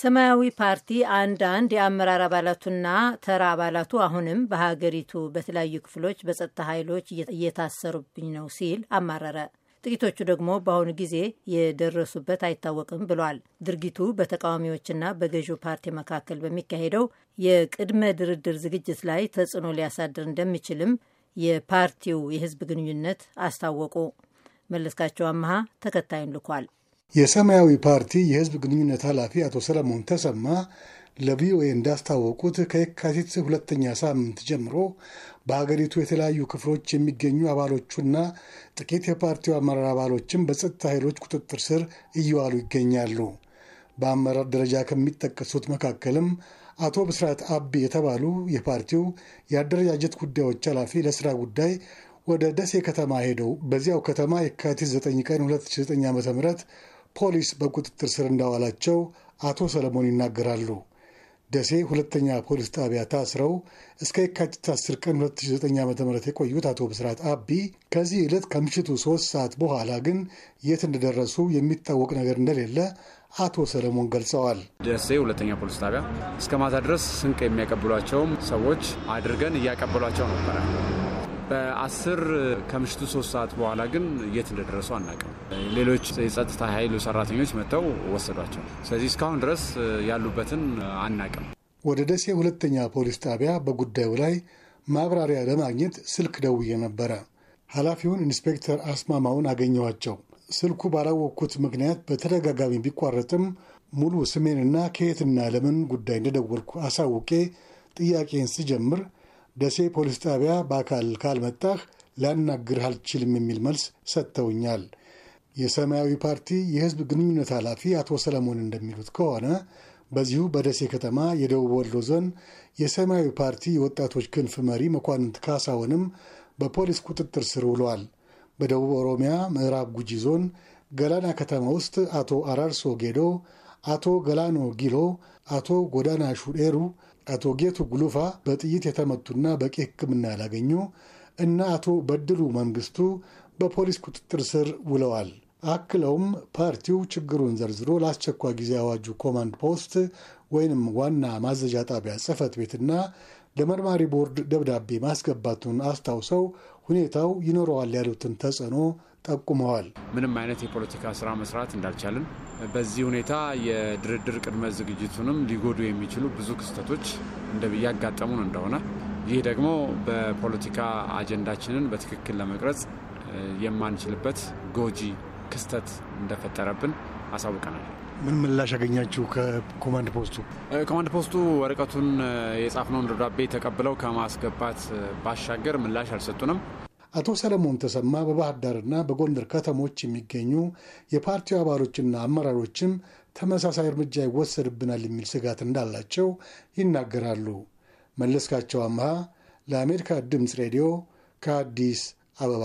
ሰማያዊ ፓርቲ አንዳንድ የአመራር አባላቱና ተራ አባላቱ አሁንም በሀገሪቱ በተለያዩ ክፍሎች በጸጥታ ኃይሎች እየታሰሩብኝ ነው ሲል አማረረ። ጥቂቶቹ ደግሞ በአሁኑ ጊዜ የደረሱበት አይታወቅም ብሏል። ድርጊቱ በተቃዋሚዎችና በገዢው ፓርቲ መካከል በሚካሄደው የቅድመ ድርድር ዝግጅት ላይ ተጽዕኖ ሊያሳድር እንደሚችልም የፓርቲው የህዝብ ግንኙነት አስታወቁ። መለስካቸው አመሃ ተከታዩን ልኳል። የሰማያዊ ፓርቲ የህዝብ ግንኙነት ኃላፊ አቶ ሰለሞን ተሰማ ለቪኦኤ እንዳስታወቁት ከየካቲት ሁለተኛ ሳምንት ጀምሮ በሀገሪቱ የተለያዩ ክፍሎች የሚገኙ አባሎቹና ጥቂት የፓርቲው አመራር አባሎችም በጸጥታ ኃይሎች ቁጥጥር ስር እየዋሉ ይገኛሉ። በአመራር ደረጃ ከሚጠቀሱት መካከልም አቶ ብስራት አቢ የተባሉ የፓርቲው የአደረጃጀት ጉዳዮች ኃላፊ ለስራ ጉዳይ ወደ ደሴ ከተማ ሄደው በዚያው ከተማ የካቲት 9 ቀን 2009 ም ፖሊስ በቁጥጥር ስር እንዳዋላቸው አቶ ሰለሞን ይናገራሉ። ደሴ ሁለተኛ ፖሊስ ጣቢያ ታስረው እስከ የካቲት 10 ቀን 2009 ዓ.ም የቆዩት አቶ ብስራት አቢ ከዚህ ዕለት ከምሽቱ ሶስት ሰዓት በኋላ ግን የት እንደደረሱ የሚታወቅ ነገር እንደሌለ አቶ ሰለሞን ገልጸዋል። ደሴ ሁለተኛ ፖሊስ ጣቢያ እስከ ማታ ድረስ ስንቅ የሚያቀብሏቸውም ሰዎች አድርገን እያቀበሏቸው ነበረ። በአስር ከምሽቱ ሶስት ሰዓት በኋላ ግን የት እንደደረሱ አናውቅም። ሌሎች የጸጥታ ኃይሉ ሰራተኞች መጥተው ወሰዷቸው። ስለዚህ እስካሁን ድረስ ያሉበትን አናውቅም። ወደ ደሴ ሁለተኛ ፖሊስ ጣቢያ በጉዳዩ ላይ ማብራሪያ ለማግኘት ስልክ ደውዬ ነበረ። ኃላፊውን ኢንስፔክተር አስማማውን አገኘኋቸው። ስልኩ ባላወቅኩት ምክንያት በተደጋጋሚ ቢቋረጥም ሙሉ ስሜንና ከየትና ለምን ጉዳይ እንደደወልኩ አሳውቄ ጥያቄን ስጀምር ደሴ ፖሊስ ጣቢያ በአካል ካልመጣህ ላናግርህ አልችልም የሚል መልስ ሰጥተውኛል። የሰማያዊ ፓርቲ የህዝብ ግንኙነት ኃላፊ አቶ ሰለሞን እንደሚሉት ከሆነ በዚሁ በደሴ ከተማ የደቡብ ወሎ ዞን የሰማያዊ ፓርቲ የወጣቶች ክንፍ መሪ መኳንንት ካሳውንም በፖሊስ ቁጥጥር ስር ውለዋል። በደቡብ ኦሮሚያ ምዕራብ ጉጂ ዞን ገላና ከተማ ውስጥ አቶ አራርሶ ጌዶ፣ አቶ ገላኖ ጊሎ፣ አቶ ጎዳና ሹዴሩ፣ አቶ ጌቱ ጉሉፋ በጥይት የተመቱና በቂ ሕክምና ያላገኙ እና አቶ በድሉ መንግስቱ በፖሊስ ቁጥጥር ስር ውለዋል። አክለውም ፓርቲው ችግሩን ዘርዝሮ ለአስቸኳይ ጊዜ አዋጁ ኮማንድ ፖስት ወይንም ዋና ማዘዣ ጣቢያ ጽህፈት ቤትና ለመርማሪ ቦርድ ደብዳቤ ማስገባቱን አስታውሰው ሁኔታው ይኖረዋል ያሉትን ተጽዕኖ ጠቁመዋል። ምንም አይነት የፖለቲካ ስራ መስራት እንዳልቻልን፣ በዚህ ሁኔታ የድርድር ቅድመ ዝግጅቱንም ሊጎዱ የሚችሉ ብዙ ክስተቶች እንደብዬ ያጋጠሙን እንደሆነ ይህ ደግሞ በፖለቲካ አጀንዳችንን በትክክል ለመቅረጽ የማንችልበት ጎጂ ክስተት እንደፈጠረብን አሳውቀናል። ምን ምላሽ ያገኛችሁ ከኮማንድ ፖስቱ? ኮማንድ ፖስቱ ወረቀቱን የጻፍነውን ደብዳቤ ተቀብለው ከማስገባት ባሻገር ምላሽ አልሰጡንም። አቶ ሰለሞን ተሰማ በባህር ዳርና በጎንደር ከተሞች የሚገኙ የፓርቲው አባሎችና አመራሮችም ተመሳሳይ እርምጃ ይወሰድብናል የሚል ስጋት እንዳላቸው ይናገራሉ። መለስካቸው አምሃ ለአሜሪካ ድምፅ ሬዲዮ ከአዲስ አበባ